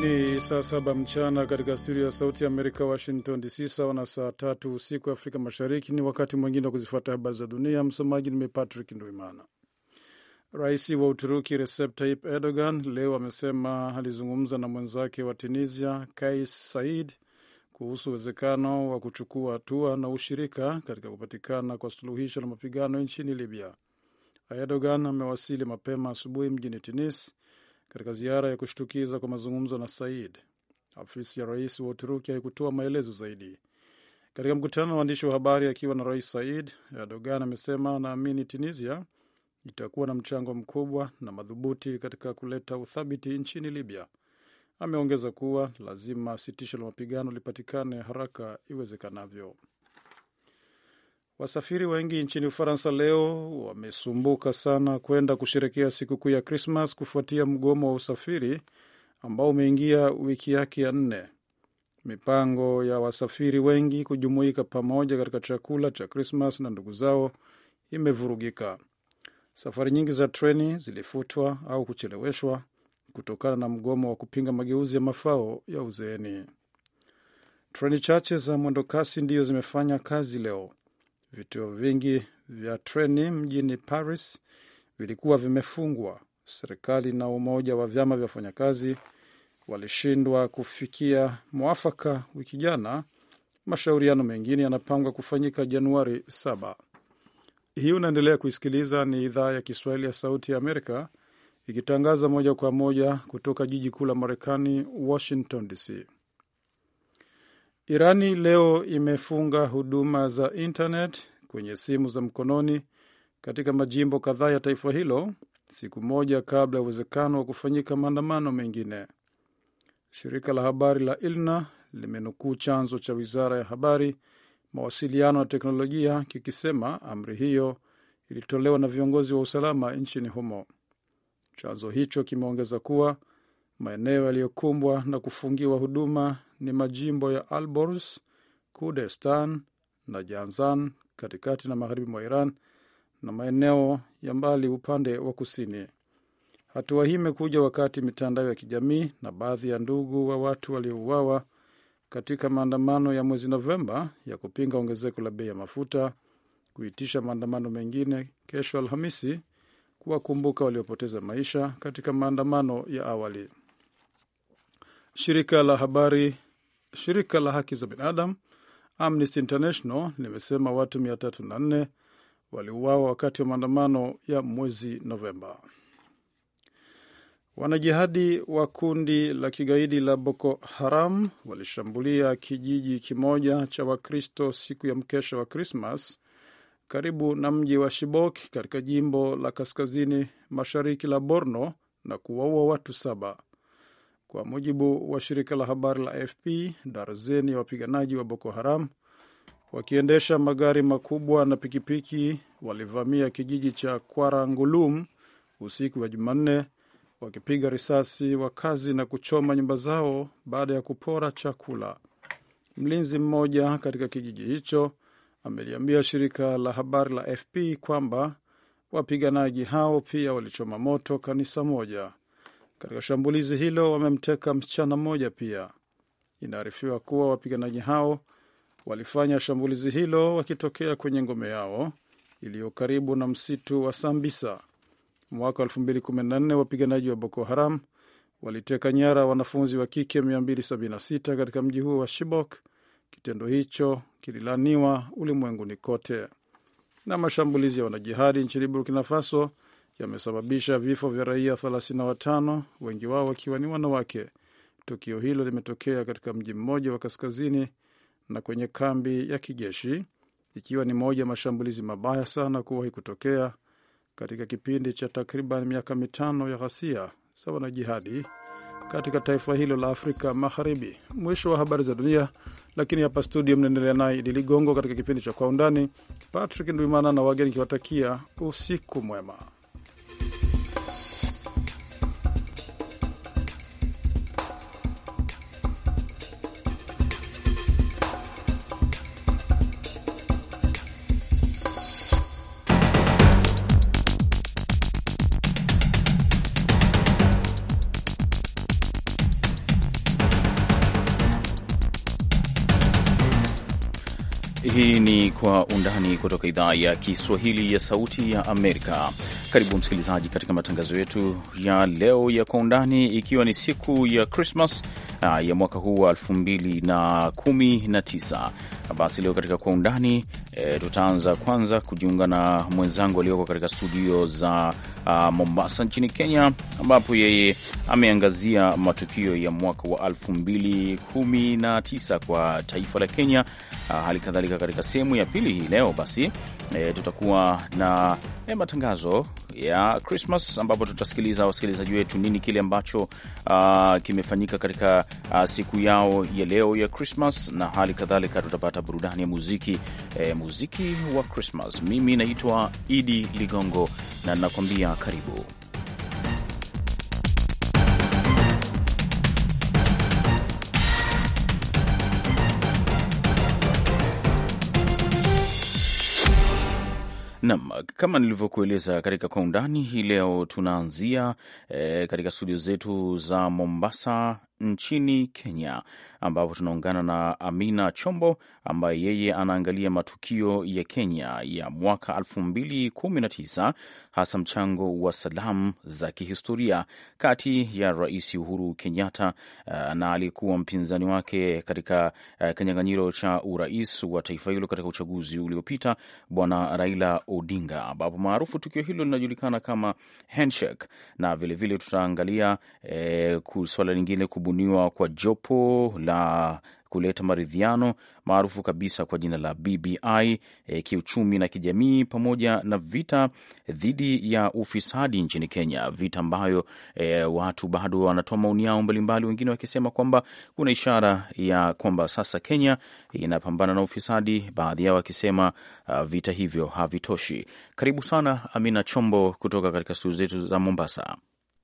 Ni saa saba mchana katika studio ya Sauti ya Amerika, Washington DC, sawa na saa tatu usiku wa Afrika Mashariki. Ni wakati mwingine wa kuzifuata habari za dunia. Msomaji nime Patrick Nduimana. Rais wa Uturuki Recep Tayyip Erdogan leo amesema alizungumza na mwenzake wa Tunisia Kais Said kuhusu uwezekano wa kuchukua hatua na ushirika katika kupatikana kwa suluhisho la mapigano nchini Libya. Erdogan amewasili mapema asubuhi mjini Tunis katika ziara ya kushtukiza kwa mazungumzo na Said. Afisi ya rais wa Uturuki haikutoa maelezo zaidi. Katika mkutano wa waandishi wa habari akiwa na rais Said, Erdogan amesema anaamini Tunisia itakuwa na mchango mkubwa na madhubuti katika kuleta uthabiti nchini Libya. Ameongeza kuwa lazima sitisho la mapigano lipatikane haraka iwezekanavyo. Wasafiri wengi nchini Ufaransa leo wamesumbuka sana kwenda kusherekea sikukuu ya Krismas kufuatia mgomo wa usafiri ambao umeingia wiki yake ya nne. Mipango ya wasafiri wengi kujumuika pamoja katika chakula cha Krismas na ndugu zao imevurugika. Safari nyingi za treni zilifutwa au kucheleweshwa kutokana na mgomo wa kupinga mageuzi ya mafao ya uzeeni. Treni chache za mwendokasi ndiyo zimefanya kazi leo. Vituo vingi vya treni mjini Paris vilikuwa vimefungwa. Serikali na umoja wa vyama vya wafanyakazi walishindwa kufikia mwafaka wiki jana. Mashauriano mengine yanapangwa kufanyika Januari saba. Hii unaendelea kuisikiliza, ni idhaa ya Kiswahili ya Sauti ya Amerika ikitangaza moja kwa moja kutoka jiji kuu la Marekani, Washington DC. Irani leo imefunga huduma za internet kwenye simu za mkononi katika majimbo kadhaa ya taifa hilo siku moja kabla ya uwezekano wa kufanyika maandamano mengine. Shirika la habari la ILNA limenukuu chanzo cha wizara ya habari, mawasiliano na teknolojia kikisema amri hiyo ilitolewa na viongozi wa usalama nchini humo. Chanzo hicho kimeongeza kuwa Maeneo yaliyokumbwa na kufungiwa huduma ni majimbo ya Alborz, Kurdestan na Janzan katikati na magharibi mwa Iran na maeneo ya mbali upande wa kusini. Hatua hii imekuja wakati mitandao ya kijamii na baadhi ya ndugu wa watu waliouawa katika maandamano ya mwezi Novemba ya kupinga ongezeko la bei ya mafuta kuitisha maandamano mengine kesho Alhamisi kuwakumbuka waliopoteza maisha katika maandamano ya awali. Shirika la habari, shirika la haki za binadamu Amnesty International limesema watu 304 waliuawa wakati wa maandamano ya mwezi Novemba. Wanajihadi wa kundi la kigaidi la Boko Haram walishambulia kijiji kimoja cha Wakristo siku ya mkesha wa Krismas karibu na mji wa Shibok katika jimbo la kaskazini mashariki la Borno na kuwaua watu saba. Kwa mujibu wa shirika la habari la AFP, darzeni ya wapiganaji wa Boko Haram wakiendesha magari makubwa na pikipiki walivamia kijiji cha Kwarangulum usiku wa Jumanne, wakipiga risasi wakazi na kuchoma nyumba zao baada ya kupora chakula. Mlinzi mmoja katika kijiji hicho ameliambia shirika la habari la AFP kwamba wapiganaji hao pia walichoma moto kanisa moja. Katika shambulizi hilo wamemteka msichana mmoja pia. Inaarifiwa kuwa wapiganaji hao walifanya shambulizi hilo wakitokea kwenye ngome yao iliyo karibu na msitu wa Sambisa. Mwaka 2014 wapiganaji wa Boko Haram waliteka nyara wanafunzi wa kike 276 katika mji huo wa Shibok. Kitendo hicho kililaniwa ulimwenguni kote. Na mashambulizi ya wanajihadi nchini Burkina Faso yamesababisha vifo vya raia 35 wengi wao wakiwa ni wanawake. Tukio hilo limetokea katika mji mmoja wa kaskazini na kwenye kambi ya kijeshi, ikiwa ni moja mashambulizi mabaya sana kuwahi kutokea katika kipindi cha takriban miaka mitano ya ghasia sawa na jihadi katika taifa hilo la Afrika Magharibi. Mwisho wa habari za dunia, lakini hapa studio mnaendelea naye Idi Ligongo katika kipindi cha Kwa Undani. Patrick Ndwimana na wageni kiwatakia usiku mwema. undani kutoka idhaa ya Kiswahili ya Sauti ya Amerika. Karibu msikilizaji, katika matangazo yetu ya leo ya kwa undani, ikiwa ni siku ya Krismas ah, ya mwaka huu wa 2019. Basi leo katika kwa undani E, tutaanza kwanza kujiunga na mwenzangu aliyoko katika studio za a, Mombasa nchini Kenya, ambapo yeye ameangazia matukio ya mwaka wa 2019 kwa taifa la Kenya. Hali kadhalika katika sehemu ya pili hii leo basi e, tutakuwa na e, matangazo ya Christmas, ambapo tutasikiliza wasikilizaji wetu nini kile ambacho uh, kimefanyika katika uh, siku yao ya leo ya Christmas, na hali kadhalika tutapata burudani ya muziki eh, muziki wa Christmas. Mimi naitwa Idi Ligongo na nakwambia karibu. Nam, kama nilivyokueleza katika kwa undani hii leo tunaanzia e, katika studio zetu za Mombasa nchini Kenya, ambapo tunaungana na Amina Chombo ambaye yeye anaangalia matukio ya Kenya ya mwaka 2019 hasa mchango wa salamu za kihistoria kati ya Rais Uhuru Kenyatta eh, na aliyekuwa mpinzani wake katika eh, kinyang'anyiro cha urais wa taifa hilo katika uchaguzi uliopita, Bwana Raila Odinga, ambapo maarufu tukio hilo linajulikana kama handshake, na vilevile tutaangalia e, eh, suala lingine kubu kubuniwa kwa jopo la kuleta maridhiano maarufu kabisa kwa jina la BBI e, kiuchumi na kijamii, pamoja na vita dhidi ya ufisadi nchini Kenya, vita ambayo e, watu bado wanatoa maoni yao mbalimbali, wengine wakisema kwamba kuna ishara ya kwamba sasa Kenya inapambana na ufisadi, baadhi yao wakisema uh, vita hivyo havitoshi. Karibu sana Amina Chombo kutoka katika studio zetu za Mombasa.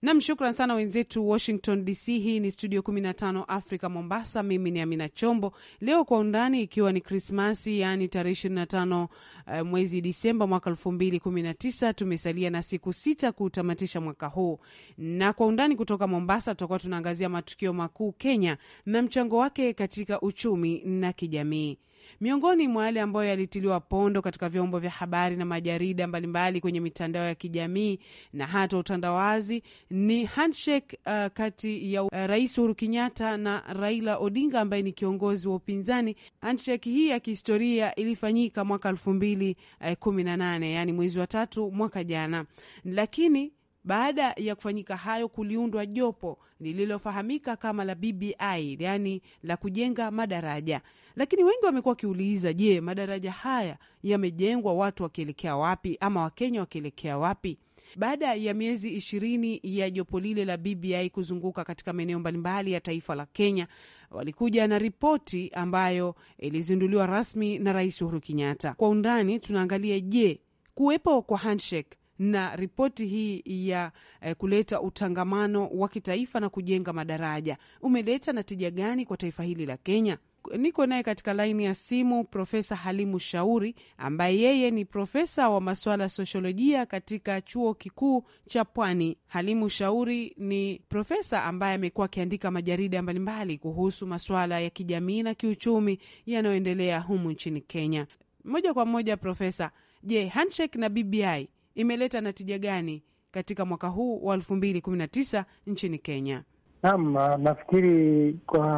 Nam, shukran sana wenzetu Washington DC. Hii ni Studio 15 Africa Mombasa. Mimi ni Amina Chombo. Leo kwa undani, ikiwa ni Krismasi, yaani tarehe 25 eh, mwezi Disemba mwaka 2019. Tumesalia na siku sita kuutamatisha mwaka huu, na kwa undani kutoka Mombasa tutakuwa tunaangazia matukio makuu Kenya na mchango wake katika uchumi na kijamii. Miongoni mwa yale ambayo yalitiliwa pondo katika vyombo vya habari na majarida mbalimbali kwenye mitandao ya kijamii na hata utandawazi ni handshake uh, kati ya uh, Rais Uhuru Kenyatta na Raila Odinga ambaye ni kiongozi wa upinzani. Handshake hii ya kihistoria ilifanyika mwaka elfu mbili uh, kumi na nane, yaani mwezi wa tatu mwaka jana, lakini baada ya kufanyika hayo, kuliundwa jopo lililofahamika kama la BBI, yaani la kujenga madaraja. Lakini wengi wamekuwa wakiuliza, je, madaraja haya yamejengwa watu wakielekea wapi, ama wakenya wakielekea wapi? Baada ya miezi ishirini ya jopo lile la BBI kuzunguka katika maeneo mbalimbali ya taifa la Kenya, walikuja na ripoti ambayo ilizinduliwa rasmi na Rais Uhuru Kenyatta. Kwa undani tunaangalia, je, kuwepo kwa handshake na ripoti hii ya eh, kuleta utangamano wa kitaifa na kujenga madaraja umeleta na tija gani kwa taifa hili la Kenya? Niko naye katika laini ya simu Profesa Halimu Shauri, ambaye yeye ni profesa wa masuala ya sosiolojia katika chuo kikuu cha Pwani. Halimu Shauri ni profesa ambaye amekuwa akiandika majarida mbalimbali kuhusu masuala ya kijamii na kiuchumi yanayoendelea humu nchini Kenya. Moja kwa moja, Profesa, je, handshake na BBI imeleta natija gani katika mwaka huu wa elfu mbili kumi na tisa nchini Kenya? Naam, nafikiri kwa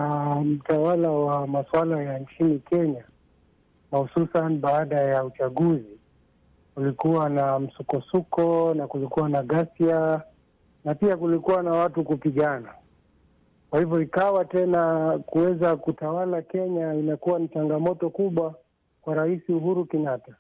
mtawala wa masuala ya nchini Kenya, mahususan baada ya uchaguzi, kulikuwa na msukosuko na kulikuwa na ghasia na pia kulikuwa na watu kupigana. Kwa hivyo ikawa tena kuweza kutawala Kenya inakuwa ni changamoto kubwa kwa Rais Uhuru Kenyatta.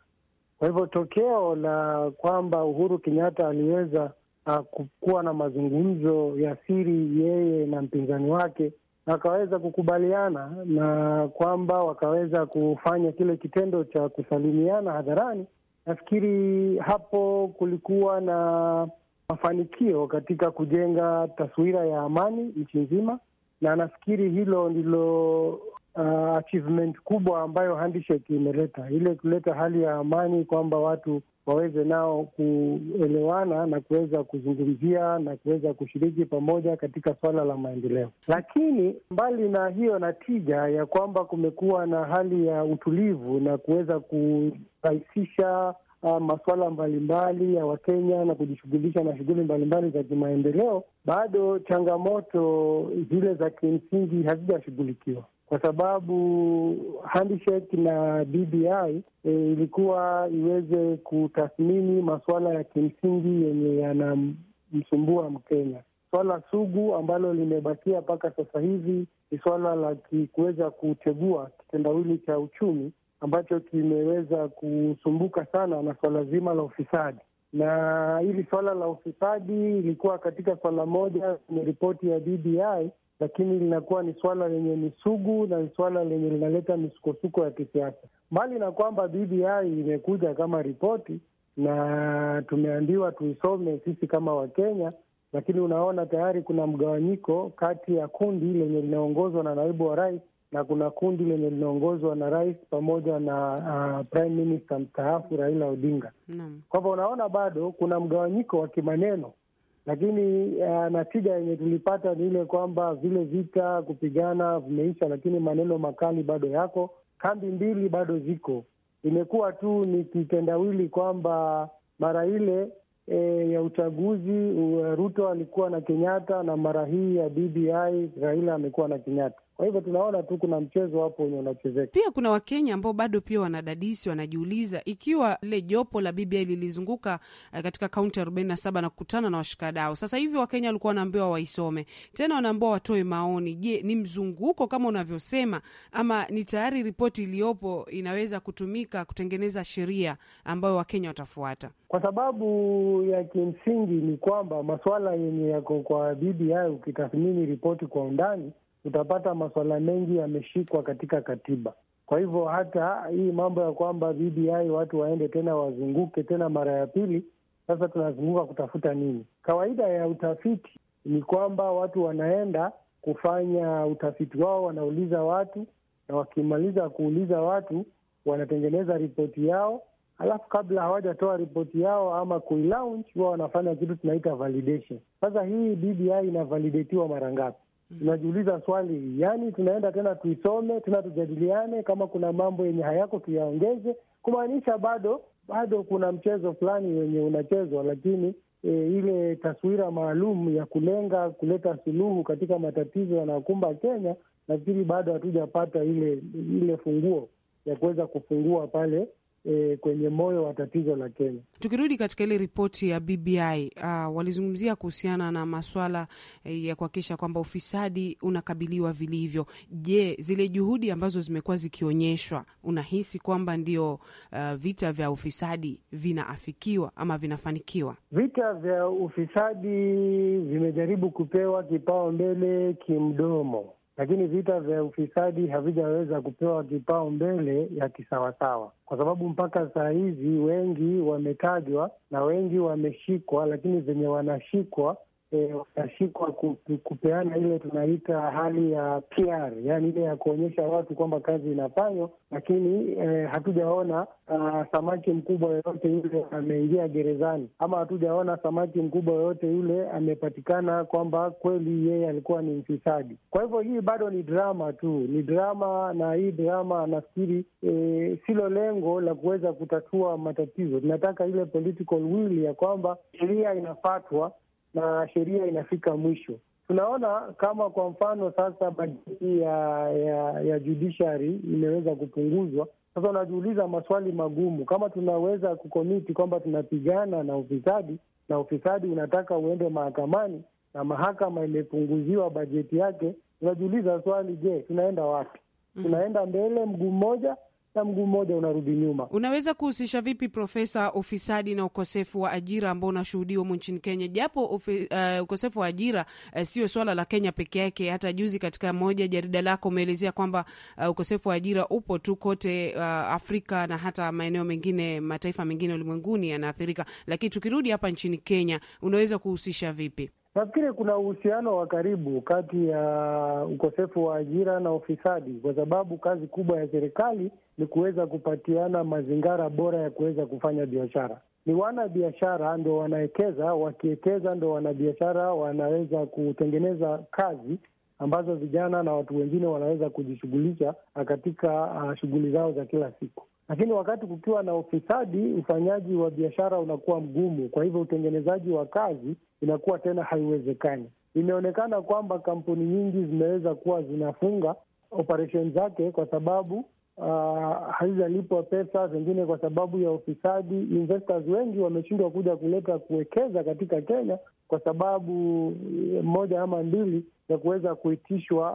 Kwa hivyo tokeo la kwamba Uhuru Kenyatta aliweza ah, kuwa na mazungumzo ya siri yeye na mpinzani wake akaweza kukubaliana na kwamba wakaweza kufanya kile kitendo cha kusalimiana hadharani. Nafikiri hapo kulikuwa na mafanikio katika kujenga taswira ya amani nchi nzima, na nafikiri hilo ndilo uh, achievement kubwa ambayo handshake imeleta, ile kuleta hali ya amani kwamba watu waweze nao kuelewana na kuweza kuzungumzia na kuweza kushiriki pamoja katika suala la maendeleo. Lakini mbali na hiyo, na tija ya kwamba kumekuwa na hali ya utulivu na kuweza kurahisisha Uh, masuala mbalimbali ya Wakenya na kujishughulisha na shughuli mbalimbali za kimaendeleo, bado changamoto zile za kimsingi hazijashughulikiwa kwa sababu handshake na BBI e, ilikuwa iweze kutathmini masuala ya kimsingi yenye yanamsumbua Mkenya. Swala sugu ambalo limebakia mpaka sasa hivi ni swala la kuweza kutegua kitendawili cha uchumi ambacho kimeweza kusumbuka sana na swala zima la ufisadi na hili swala la ufisadi ilikuwa katika swala moja kwenye ripoti ya BBI lakini linakuwa ni swala lenye ni sugu na ni swala lenye linaleta misukosuko ya kisiasa, mbali na kwamba BBI imekuja kama ripoti na tumeambiwa tuisome sisi kama Wakenya, lakini unaona tayari kuna mgawanyiko kati ya kundi lenye linaongozwa na naibu wa rais na kuna kundi lenye linaongozwa na rais pamoja na uh, prime minister mstaafu Raila Odinga. Kwa hivyo unaona bado kuna mgawanyiko wa kimaneno lakini uh, natija yenye tulipata ni ile kwamba vile vita kupigana vimeisha, lakini maneno makali bado yako, kambi mbili bado ziko. Imekuwa tu ni kitendawili kwamba mara ile e, ya uchaguzi eh, Ruto alikuwa na Kenyatta na mara hii ya BBI Raila amekuwa na Kenyatta. Kwa hivyo tunaona tu kuna mchezo hapo wenye unachezeka. Pia kuna Wakenya ambao bado pia wanadadisi, wanajiuliza ikiwa lile jopo la BBI lilizunguka eh, katika kaunti arobaini na saba na kukutana na washikadau. Sasa hivi Wakenya walikuwa wanaambiwa waisome tena, wanaambiwa watoe maoni. Je, ni mzunguko kama unavyosema, ama ni tayari ripoti iliyopo inaweza kutumika kutengeneza sheria ambayo Wakenya watafuata? Kwa sababu ya kimsingi ni kwamba masuala yenye yako kwa BBI, ukitathmini ripoti kwa undani utapata masuala mengi yameshikwa katika katiba. Kwa hivyo hata hii mambo ya kwamba BBI watu waende tena wazunguke tena mara ya pili, sasa tunazunguka kutafuta nini? Kawaida ya utafiti ni kwamba watu wanaenda kufanya utafiti wao, wanauliza watu, na wakimaliza kuuliza watu wanatengeneza ripoti yao, alafu kabla hawajatoa ripoti yao ama kuilaunch, huwa wanafanya kitu tunaita validation. Sasa hii BBI inavalidatiwa mara ngapi? Mm. tunajiuliza swali, yani tunaenda tena tuisome tena tujadiliane, kama kuna mambo yenye hayako tuyaongeze, kumaanisha bado bado kuna mchezo fulani wenye unachezwa, lakini e, ile taswira maalum ya kulenga kuleta suluhu katika matatizo yanayokumba Kenya, nafikiri bado hatujapata ile ile funguo ya kuweza kufungua pale e, kwenye moyo wa tatizo la Kenya. Tukirudi katika ile ripoti ya BBI uh, ah, walizungumzia kuhusiana na maswala eh, ya kuhakikisha kwamba ufisadi unakabiliwa vilivyo. Je, zile juhudi ambazo zimekuwa zikionyeshwa, unahisi kwamba ndio uh, vita vya ufisadi vinaafikiwa ama vinafanikiwa? Vita vya ufisadi vimejaribu kupewa kipao mbele kimdomo lakini vita vya ufisadi havijaweza kupewa kipao mbele ya kisawasawa, kwa sababu mpaka saa hizi wengi wametajwa na wengi wameshikwa, lakini zenye wanashikwa e, kupeana ile tunaita hali ya PR, yaani ile ya kuonyesha watu kwamba kazi inafanywa, lakini e, hatujaona samaki mkubwa yoyote yule ameingia gerezani ama hatujaona samaki mkubwa yoyote yule amepatikana kwamba kweli yeye alikuwa ni mfisadi. Kwa hivyo hii bado ni drama tu, ni drama, na hii drama nafikiri e, silo lengo la kuweza kutatua matatizo. Tunataka ile political will ya kwamba sheria inafatwa na sheria inafika mwisho. Tunaona kama kwa mfano sasa bajeti ya, ya, ya judiciary imeweza kupunguzwa. Sasa unajiuliza maswali magumu, kama tunaweza kukomiti kwamba tunapigana na ufisadi na ufisadi unataka uende mahakamani na mahakama imepunguziwa bajeti yake, unajiuliza swali, je, tunaenda wapi? Mm. Tunaenda mbele mguu mmoja hata mguu mmoja unarudi nyuma. Unaweza kuhusisha vipi, Profesa, ufisadi na ukosefu wa ajira ambao unashuhudiwa humu nchini Kenya? Japo ufi, uh, ukosefu wa ajira uh, sio swala la Kenya peke yake. Hata juzi katika moja jarida lako umeelezea kwamba uh, ukosefu wa ajira upo tu kote uh, Afrika na hata maeneo mengine, mataifa mengine ulimwenguni yanaathirika, lakini tukirudi hapa nchini Kenya, unaweza kuhusisha vipi? Nafikiri kuna uhusiano wa karibu kati ya ukosefu wa ajira na ufisadi, kwa sababu kazi kubwa ya serikali ni kuweza kupatiana mazingira bora ya kuweza kufanya biashara. Ni wanabiashara ndo wanawekeza, wakiwekeza ndo wanabiashara wanaweza kutengeneza kazi ambazo vijana na watu wengine wanaweza kujishughulisha katika uh, shughuli zao za kila siku. Lakini wakati kukiwa na ufisadi, ufanyaji wa biashara unakuwa mgumu, kwa hivyo utengenezaji wa kazi inakuwa tena haiwezekani. Imeonekana kwamba kampuni nyingi zimeweza kuwa zinafunga operesheni zake kwa sababu uh, hazijalipwa pesa, zingine kwa sababu ya ufisadi. Investors wengi wameshindwa kuja kuleta kuwekeza katika Kenya kwa sababu eh, moja ama mbili ya kuweza kuitishwa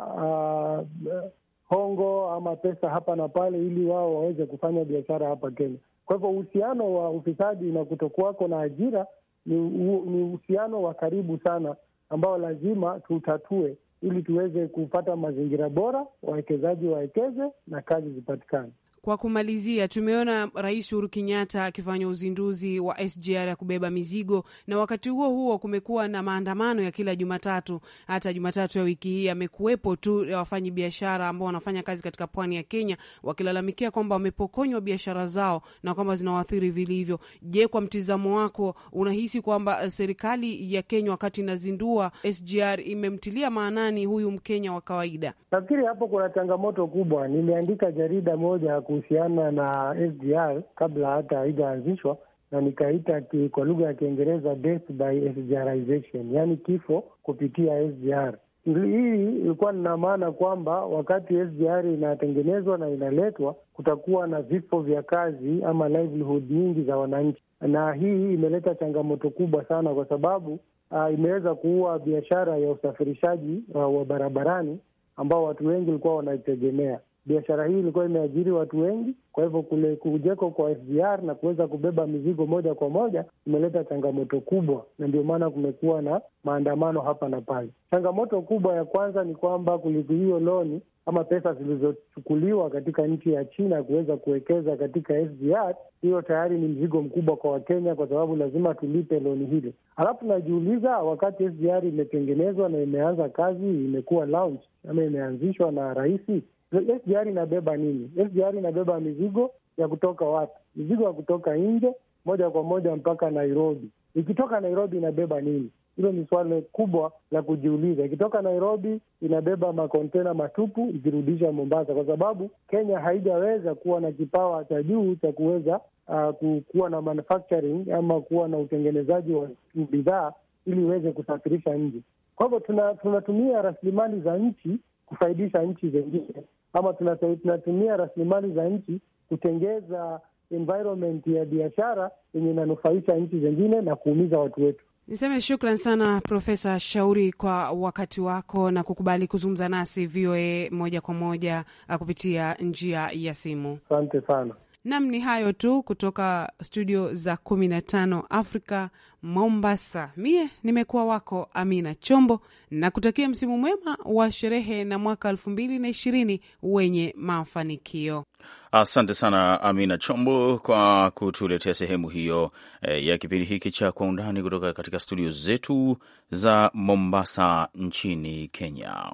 uh, hongo ama pesa hapa na pale, ili wao waweze kufanya biashara hapa Kenya. Kwa hivyo uhusiano wa ufisadi na kutokuwako na ajira ni uhusiano wa karibu sana ambao lazima tutatue, ili tuweze kupata mazingira bora, wawekezaji wawekeze na kazi zipatikane. Kwa kumalizia, tumeona Rais Uhuru Kenyatta akifanya uzinduzi wa SGR ya kubeba mizigo, na wakati huo huo kumekuwa na maandamano ya kila Jumatatu. Hata Jumatatu ya wiki hii amekuwepo tu ya wafanyi biashara ambao wanafanya kazi katika pwani ya Kenya wakilalamikia kwamba wamepokonywa biashara zao na kwamba zinawaathiri vilivyo. Je, kwa mtizamo wako unahisi kwamba serikali ya Kenya wakati inazindua SGR imemtilia maanani huyu Mkenya wa kawaida? Nafikiri hapo kuna changamoto kubwa. Nimeandika jarida moja kuhusiana na SGR kabla hata haijaanzishwa, na nikaita kwa lugha ya Kiingereza death by SGRization, yaani kifo kupitia SGR. Hii ilikuwa nina maana kwamba wakati SGR inatengenezwa na inaletwa, kutakuwa na vifo vya kazi ama livelihood nyingi za wananchi, na hii imeleta changamoto kubwa sana, kwa sababu uh, imeweza kuua biashara ya usafirishaji uh, wa barabarani ambao watu wengi walikuwa wanaitegemea biashara hii ilikuwa imeajiri watu wengi. Kwa hivyo kule kujeko kwa SGR na kuweza kubeba mizigo moja kwa moja imeleta changamoto kubwa, na ndio maana kumekuwa na maandamano hapa na pale. Changamoto kubwa ya kwanza ni kwamba kulipi hiyo loni ama pesa zilizochukuliwa katika nchi ya China kuweza kuwekeza katika SGR, hiyo tayari ni mzigo mkubwa kwa Wakenya kwa sababu lazima tulipe loni hili. Alafu najiuliza, wakati SGR imetengenezwa na imeanza kazi, imekuwa launch ama imeanzishwa na raisi SGR inabeba nini? SGR inabeba mizigo ya kutoka wapi? Mizigo ya kutoka nje moja kwa moja mpaka Nairobi. Ikitoka Nairobi inabeba nini? Hilo ni swala kubwa la kujiuliza. Ikitoka Nairobi inabeba makontena matupu ikirudisha Mombasa, kwa sababu Kenya haijaweza kuwa na kipawa cha juu cha kuweza uh, kuwa na manufacturing ama kuwa na utengenezaji wa bidhaa ili iweze kusafirisha nje. Kwa hivyo tunatumia tuna rasilimali za nchi kufaidisha nchi zengine ama tunatumia rasilimali za nchi kutengeza environment ya biashara yenye inanufaisha nchi zingine na kuumiza watu wetu. Niseme shukran sana Profesa Shauri kwa wakati wako na kukubali kuzungumza nasi VOA moja kwa moja uh, kupitia njia ya simu. Asante sana. Nam, ni hayo tu kutoka studio za 15 Afrika Mombasa. Mie nimekuwa wako Amina Chombo na kutakia msimu mwema wa sherehe na mwaka elfu mbili na ishirini wenye mafanikio. Asante sana Amina Chombo kwa kutuletea sehemu hiyo e, ya kipindi hiki cha Kwa Undani kutoka katika studio zetu za Mombasa nchini Kenya.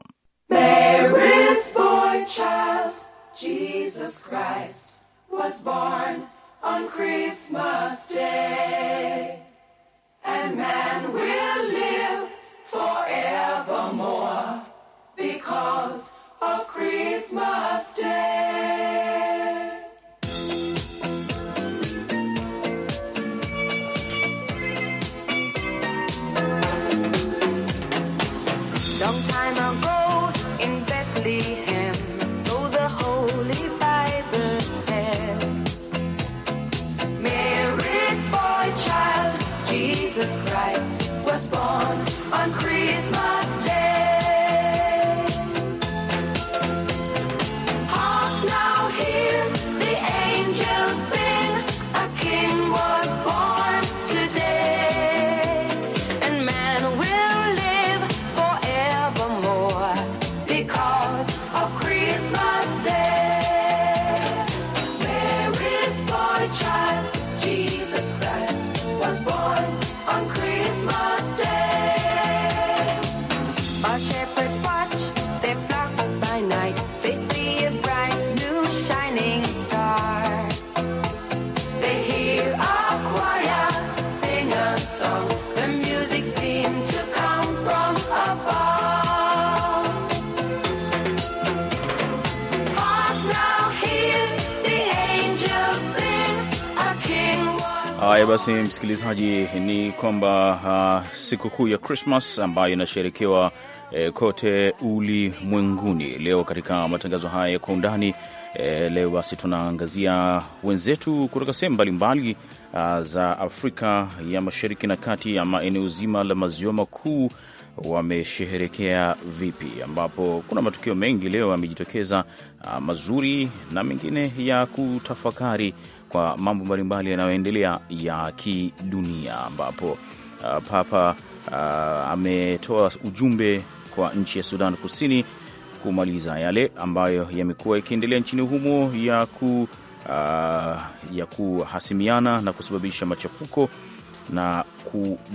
There is child, Jesus Christ. was born on Christmas Day, and man will Haya basi, msikilizaji, ni kwamba uh, sikukuu ya Krismas ambayo inasherekewa eh, kote ulimwenguni leo. Katika matangazo haya ya kwa undani eh, leo basi tunaangazia wenzetu kutoka sehemu mbalimbali uh, za Afrika ya mashariki na kati ama eneo zima la maziwa makuu wamesheherekea vipi, ambapo kuna matukio mengi leo yamejitokeza ah, mazuri na mengine ya kutafakari kwa mambo mbalimbali yanayoendelea ya kidunia, ambapo ah, Papa ah, ametoa ujumbe kwa nchi ya Sudan Kusini kumaliza yale ambayo yamekuwa yakiendelea nchini humo ya, ku, uh, ya kuhasimiana na kusababisha machafuko na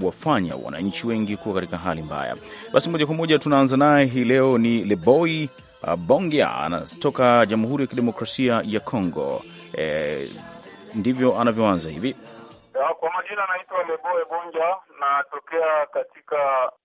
kuwafanya wananchi wengi kuwa katika hali mbaya. Basi moja kwa moja tunaanza naye hii leo ni Leboi uh, Bongia, anatoka Jamhuri ya Kidemokrasia ya Kongo. E, ndivyo anavyoanza hivi. Kwa majina anaitwa Leboi Bongia, natokea katika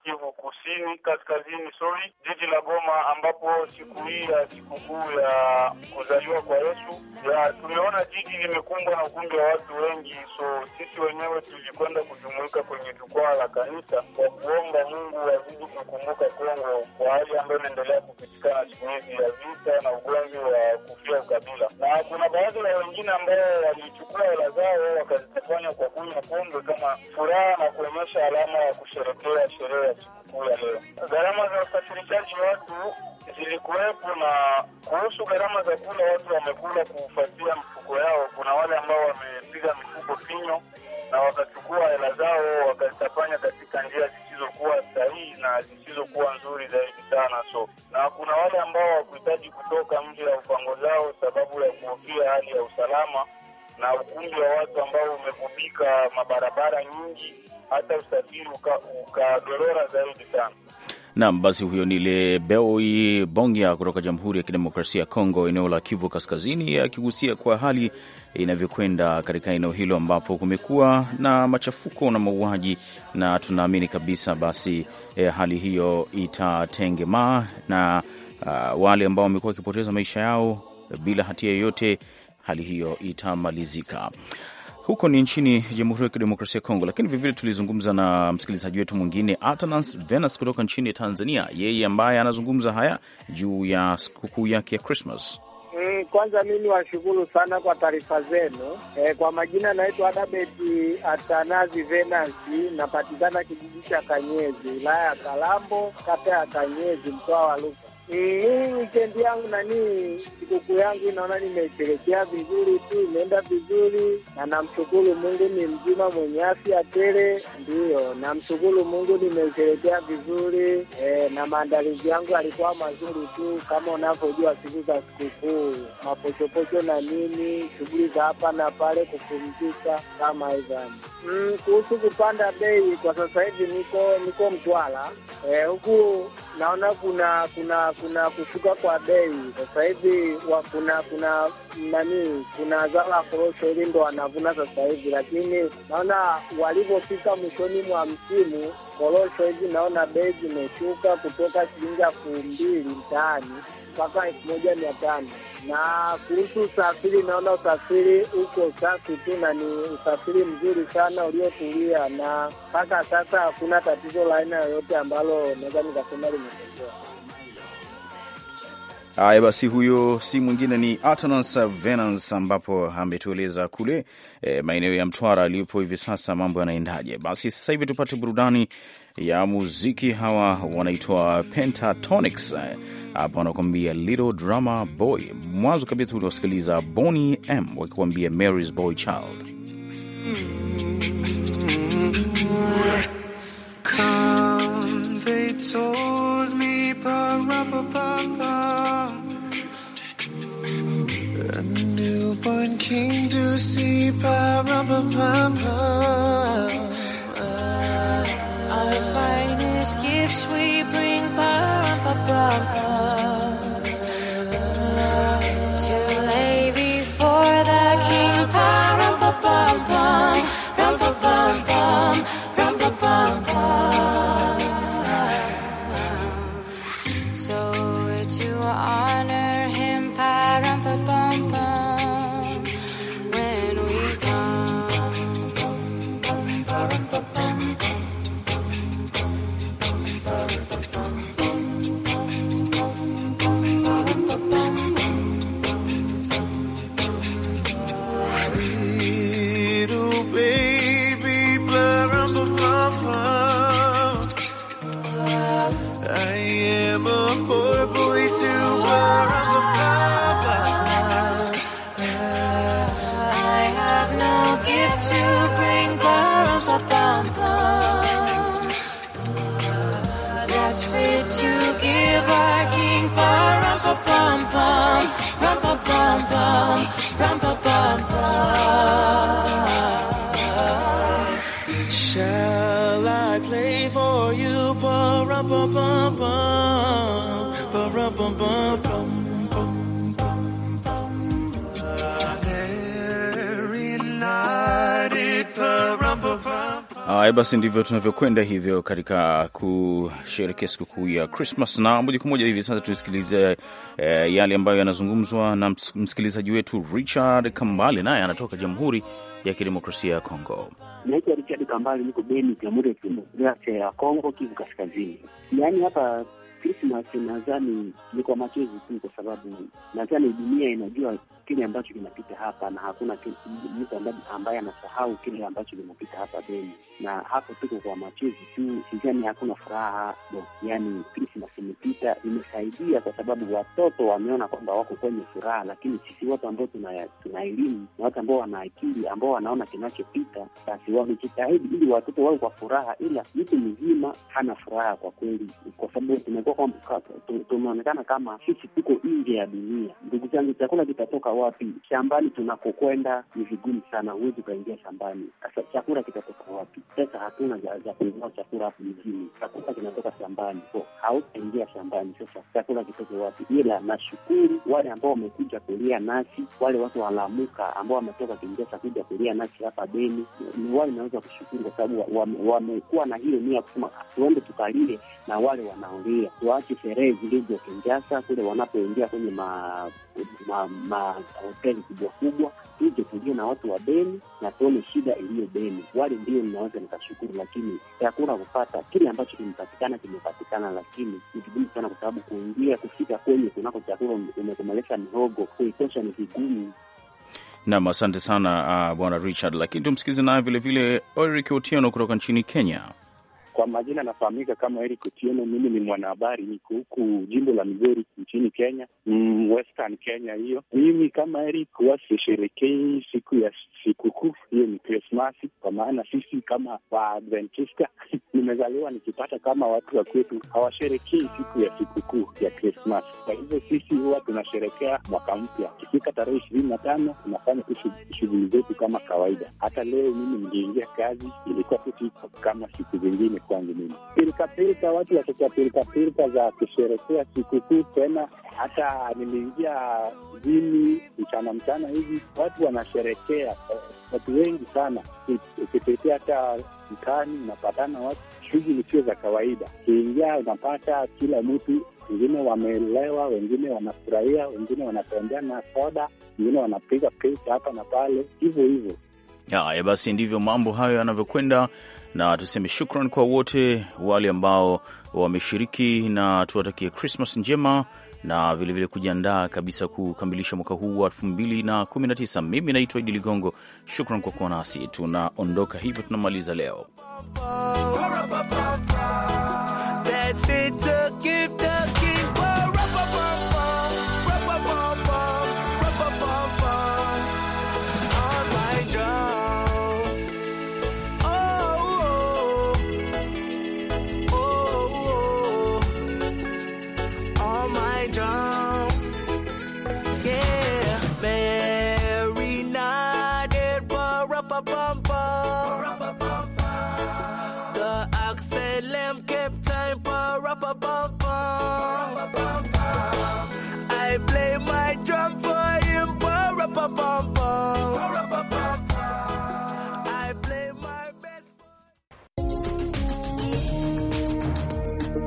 Kivu Kusini, kaskazini, sori, jiji la Goma, ambapo siku hii ya sikukuu ya kuzaliwa kwa Yesu ya tumeona jiji limekumbwa na ukumbi wa watu wengi, so sisi wenyewe tulikwenda kujumuika kwenye jukwaa la kanisa kwa kuomba Mungu azidi kukumbuka Kongo kwa hali ambayo inaendelea kupitikana siku hizi ya vita na ugonzi wa kufia ukabila, na kuna baadhi ya wengine ambao walichukua hela zao wakazitafanya kwa kunywa pombe kama furaha na kuonyesha alama ya kusherekea sherehe Eh, gharama za usafirishaji watu zilikuwepo, na kuhusu gharama za kula, watu wamekula kufuatia mifuko yao. Kuna wale ambao wamepiga mifuko pinyo na wakachukua hela zao wakazitafanya katika njia zisizokuwa sahihi na zisizokuwa nzuri zaidi sana. So na kuna wale ambao hawakuhitaji kutoka nje ya upango zao sababu ya kuhofia hali ya usalama na ukumbi wa watu ambao umegubika mabarabara nyingi, hata usafiri ukadorora uka zaidi sana. Naam, basi huyo ni Lebeoi Bongia kutoka Jamhuri ya Kidemokrasia ya Kongo, eneo la Kivu Kaskazini, akigusia kwa hali inavyokwenda katika eneo hilo ambapo kumekuwa na machafuko na mauaji, na tunaamini kabisa basi eh, hali hiyo itatengemaa na uh, wale ambao wamekuwa wakipoteza maisha yao bila hatia yoyote hali hiyo itamalizika. Huko ni nchini Jamhuri ya Kidemokrasia ya Kongo, lakini vivile tulizungumza na msikilizaji wetu mwingine Atanas Venus kutoka nchini Tanzania, yeye ambaye anazungumza haya juu ya sikukuu yake ya Christmas. Mm, kwanza mimi washukuru sana kwa taarifa zenu. E, kwa majina naitwa Adabeti Atanazi Venasi, napatikana kijiji cha Kanyezi, wilaya ya Kalambo, kata ya Kanyezi, mkoa wa Luka. Mimi eh, wikendi yangu nanii, sikukuu yangu inaona nimeisherekea vizuri tu, imeenda vizuri, na namshukuru Mungu ni mzima mwenye afya tele. Ndiyo, namshukuru Mungu nimeisherekea vizuri e, na maandalizi yangu alikuwa mazuri tu, kama unavyojua siku za sikukuu, mapochopocho na nini, shughuli za hapa na pale, kupumzika kama hivani. Mm, kuhusu kupanda bei kwa sasa hivi niko niko Mtwara eh, huku e, naona kuna kuna kuna kushuka kwa bei sasa hivi, kuna kuna nani, kuna zao la korosho hili ndo wanavuna sasa hivi, lakini naona walivyofika mwishoni mwa msimu korosho hizi, naona bei zimeshuka kutoka shilingi elfu mbili mtaani mpaka elfu moja mia tano. Na kuhusu usafiri, naona usafiri uko safi tu na ni usafiri mzuri sana uliotulia, na mpaka sasa hakuna tatizo la aina yoyote ambalo naweza nikasema limetokea. Haya basi, huyo si mwingine ni Atanas Venance, ambapo ametueleza kule e, maeneo ya Mtwara aliyopo hivi sasa mambo yanaendaje. Basi sasa hivi tupate burudani ya muziki. Hawa wanaitwa Pentatonix hapo wanakuambia Little Drama Boy. Mwanzo kabisa uliwasikiliza Bonnie M wakikwambia Mary's Boy Child. newborn king to see, ba, ra, ba, ba, ba finest gifts we bring. Ba-rum-ba-bum. Haya basi, ndivyo tunavyokwenda hivyo katika kusherekea sikukuu ya Krismas, na moja kwa moja hivi sasa tusikilize eh, yale ambayo yanazungumzwa na msikilizaji wetu Richard Kambale, naye anatoka Jamhuri ya Kidemokrasia ya Kongo. Naitwa Richard Kambale, niko Beni, Jamhuri ya Kidemokrasia ya Kongo, Kivu Kaskazini. Yaani hapa Krismas nadhani ni kwa machezi tu, kwa sababu nadhani dunia inajua kile ambacho kinapita hapa, na hakuna mtu ambaye anasahau kile ambacho kinapita hapa Beni, na hapo tuko kwa machezi tu, Sijani hakuna furaha no. Yani Krismas imepita imesaidia kwa sababu watoto wameona kwamba wako kwenye furaha, lakini sisi watu ambao tuna elimu na watu ambao wana akili ambao wanaona kinachopita, basi wamejitahidi ili watoto wawe kwa furaha, ila mtu mzima hana furaha kwa kweli, kwa sababu tunakuwa tumeonekana kama sisi tuko nje ya dunia. Ndugu zangu, chakula kitatoka wapi? Shambani tunakokwenda ni vigumu sana, huwezi ukaingia shambani. Sasa chakula kitatoka wapi? hakuna za kununua chakula hapo mjini, chakula kinatoka shambani, hautaingia shambani. Sasa chakula kitoke wapi? Ila nashukuru wale ambao wamekuja kulia nasi, wale watu walamuka ambao wametoka Kinjasa kuja kulia nasi hapa Beni, ni wale naweza kushukuru kwa sababu wamekuwa na hiyo nia kusema ah, tuende tukalie na wale wanaolia, tuache sherehe zilizo Kinjasa kule wanapoingia kwenye mahoteli ma, ma, kubwa kubwa tuje tulie na watu wa Beni na tuone shida iliyo Beni. Wale ndio ninaweza nikashukuru, lakini hakuna kupata kile ambacho kimepatikana, kimepatikana, lakini ni kigumu sana, kwa sababu kuingia kufika kwenye kunako chakula umekomelesha mihogo kuitosha ni vigumu Nam, asante sana uh, bwana Richard, lakini tumsikize naye vilevile Eric Otieno kutoka nchini Kenya. Kwa majina anafahamika kama Eric Otieno. Mimi ni mwanahabari, niko huku jimbo la Migori nchini Kenya, mm, Western Kenya. Hiyo mimi kama Eric huwa sisherekei siku ya sikukuu, hiyo ni Krismasi, kwa maana sisi kama Waadventista nimezaliwa nikipata kama watu wa kwetu hawasherekei siku ya sikukuu ya Krismasi. Kwa hivyo sisi huwa tunasherekea mwaka mpya, kifika tarehe ishirini na tano tunafanya shughuli zetu kama kawaida. Hata leo mimi niliingia kazi, ilikuwa tu kama siku zingine kwangu mimi. Pirikapirika, watu watokea pirikapirika za kusherekea sikukuu tena. Hata nimeingia jini mchana mchana hivi, watu wanasherekea, watu wengi sana. Ukipitia hata mtaani, unapatana watu, shughuli sio za kawaida. Ukiingia unapata kila mtu wengine wamelewa, wengine wanafurahia, wengine wanatembea na soda, wengine wanapiga picha hapa na pale, hivyo hivyo. Haya basi, ndivyo mambo hayo yanavyokwenda na tuseme shukran kwa wote wale ambao wameshiriki, na tuwatakie Krismas njema na vilevile kujiandaa kabisa kukamilisha mwaka huu wa 2019. Mimi naitwa Idi Ligongo, shukran kwa kuwa nasi. Tunaondoka hivyo, tunamaliza leo.